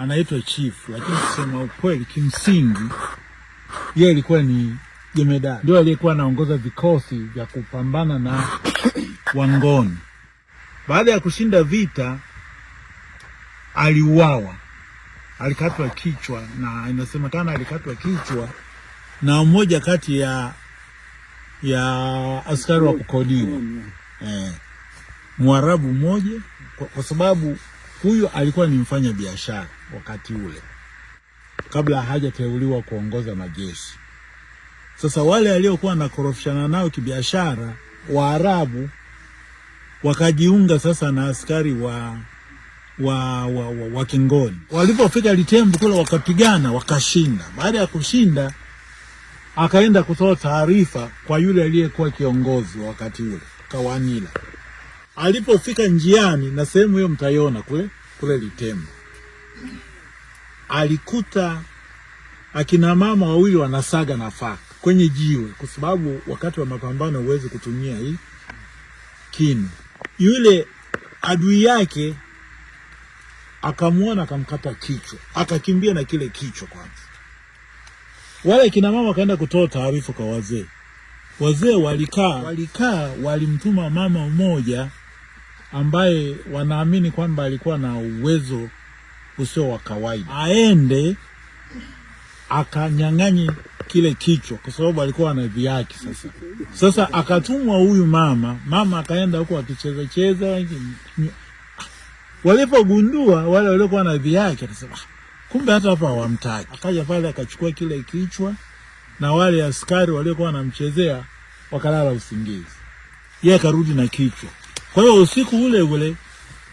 anaitwa chifu, lakini kusema ukweli, kimsingi yeye alikuwa ni jemedari, ndio aliyekuwa anaongoza vikosi vya kupambana na Wangoni. Baada ya kushinda vita, aliuawa, alikatwa kichwa, na inasemekana alikatwa kichwa na mmoja kati ya ya askari wa kukodiwa eh, Mwarabu mmoja, kwa, kwa sababu huyo alikuwa ni mfanya biashara wakati ule, kabla hajateuliwa kuongoza majeshi. Sasa wale aliokuwa wanakorofishana nao kibiashara, Waarabu wakajiunga sasa na askari wa wa, wa, wa, wa Kingoni. Walipofika Litembu kule wakapigana, wakashinda. Baada ya kushinda, akaenda kutoa taarifa kwa yule aliyekuwa kiongozi wa wakati ule Kawanila. Alipofika njiani, na sehemu hiyo mtaiona kule kule Litembu alikuta akina mama wawili wanasaga nafaka kwenye jiwe, kwa sababu wakati wa mapambano huwezi kutumia hii kinu. Yule adui yake akamwona, akamkata kichwa, akakimbia na kile kichwa. Kwanza wale kina mama wakaenda kutoa taarifa kwa wazee. Wazee walikaa walikaa, walimtuma mama mmoja ambaye wanaamini kwamba alikuwa na uwezo usio wa kawaida, aende akanyang'anye kile kichwa, kwa sababu alikuwa ana vyake. Sasa sasa akatumwa huyu mama, mama akaenda huko akicheza cheza. Walipogundua wale waliokuwa na vyake, akasema ah, kumbe hata hapa hawamtaki. Akaja pale akachukua kile kichwa, na wale askari waliokuwa wanamchezea wakalala usingizi, yeye akarudi na kichwa. Kwa hiyo usiku ule ule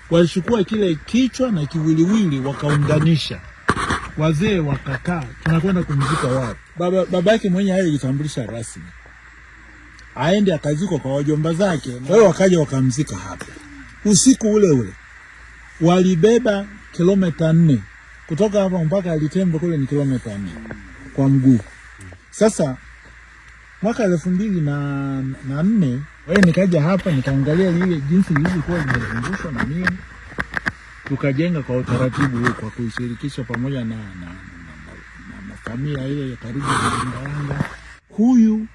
walichukua kile kichwa na kiwiliwili wakaunganisha. Wazee wakakaa, tunakwenda kumzika wapi? Baba, baba yake mwenyewe alijitambulisha rasmi aende akazikwa kwa wajomba zake. Kwa hiyo wakaja wakamzika hapa. Usiku ule ule walibeba kilomita nne kutoka hapa mpaka Litembo kule ni kilomita nne kwa mguu. Sasa mwaka elfu mbili na, na nne wee nikaja hapa nikaangalia lile jinsi lilivyokuwa limezungushwa na nini, tukajenga kwa utaratibu huu kwa kuishirikisha pamoja na, na, na, na, na familia ile karibu Sumbawanga. Huyu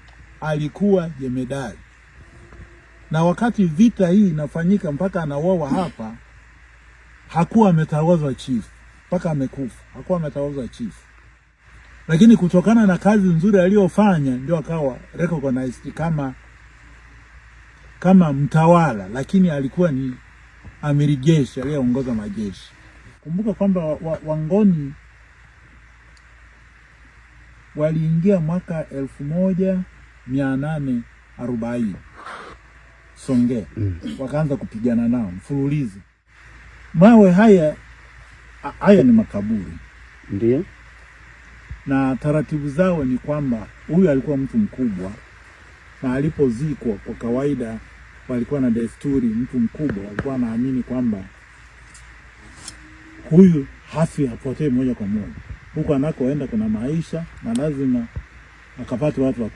alikuwa jemedari, na wakati vita hii inafanyika mpaka anauawa hapa hakuwa ametawazwa chifu mpaka amekufa, hakuwa ametawazwa chifu lakini kutokana na kazi nzuri aliyofanya ndio akawa recognized kama kama mtawala, lakini alikuwa ni amiri jeshi aliyeongoza majeshi. Kumbuka kwamba wa, Wangoni waliingia mwaka elfu moja mia nane arobaini Songea, mm. wakaanza kupigana nao mfululizi. Mawe haya haya ni makaburi, ndio na taratibu zao ni kwamba huyu alikuwa mtu mkubwa, na alipozikwa kwa kawaida walikuwa na desturi, mtu mkubwa alikuwa anaamini kwamba huyu hafi, apotee moja kwa moja. Huko anakoenda kuna maisha na lazima akapate watu wa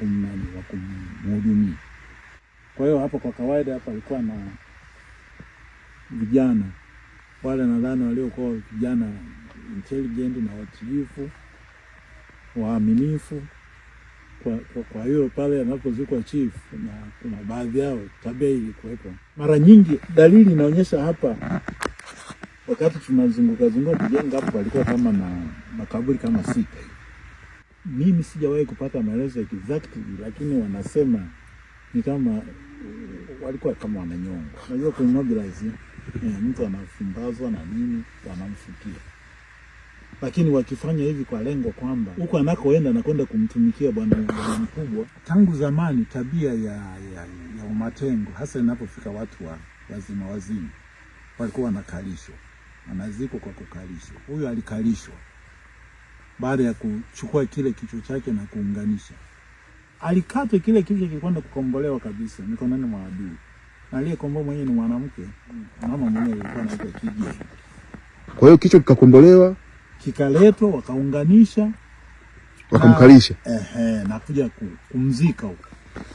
kumhudumia. Kwa hiyo hapo kwa kawaida hapa alikuwa na vijana wale, nadhani waliokuwa vijana intelligent na watiifu waaminifu. Kwa, kwa, kwa hiyo pale anapozikwa chief na kuna baadhi yao tabia ilikuwepo. Mara nyingi dalili inaonyesha hapa, wakati tunazunguka zunguka kujenga hapo palikuwa kama na makaburi kama sita Mimi sijawahi kupata maelezo exactly, lakini wanasema ni kama walikuwa kama wananyongwa. Unajua kumobilize, eh, mtu anafumbazwa na nini, wanamfukia lakini wakifanya hivi kwa lengo kwamba huko anakoenda anakwenda kumtumikia bwana mkubwa. Tangu zamani tabia ya, ya, ya umatengo hasa inapofika watu wa wazima wazima walikuwa wanakalishwa, anazikwa kwa kukalishwa. Huyu alikalishwa baada ya kuchukua kile kichwa chake na kuunganisha, alikatwa kile kichwa, kilikwenda kukombolewa kabisa mikononi mwa adui, na aliyekomboa mwenyewe ni mwanamke, mama mwenyewe alikuwa anaitwa Kijeni. Kwa hiyo kichwa kikakombolewa kikaletwa wakaunganisha wakamkalisha ah, ehe, na kuja kumzika huko.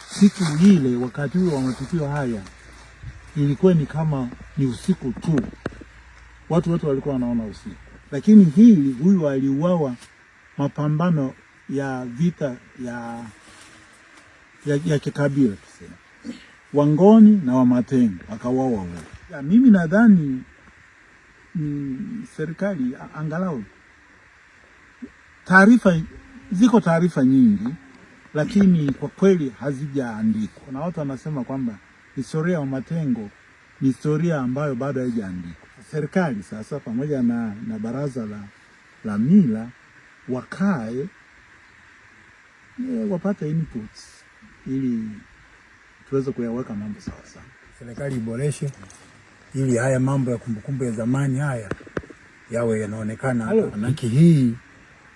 Siku ile wakati huo wa matukio haya ilikuwa ni kama ni usiku tu, watu wote walikuwa wanaona usiku, lakini hili huyu aliuawa mapambano ya vita ya ya, ya kikabila tuseme, Wangoni na Wamatengo akauawa huyo. Mimi nadhani ni serikali angalau taarifa ziko taarifa nyingi, lakini kwa kweli hazijaandikwa, na watu wanasema kwamba historia ya Matengo ni historia ambayo bado haijaandikwa. Serikali sasa pamoja na, na baraza la, la mila wakae eh, wapate inputs ili tuweze kuyaweka mambo sawa sawa. Serikali iboreshe ili haya mambo ya kumbukumbu ya zamani haya yawe yanaonekana, manake hii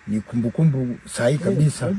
ni kumbukumbu sahihi kabisa.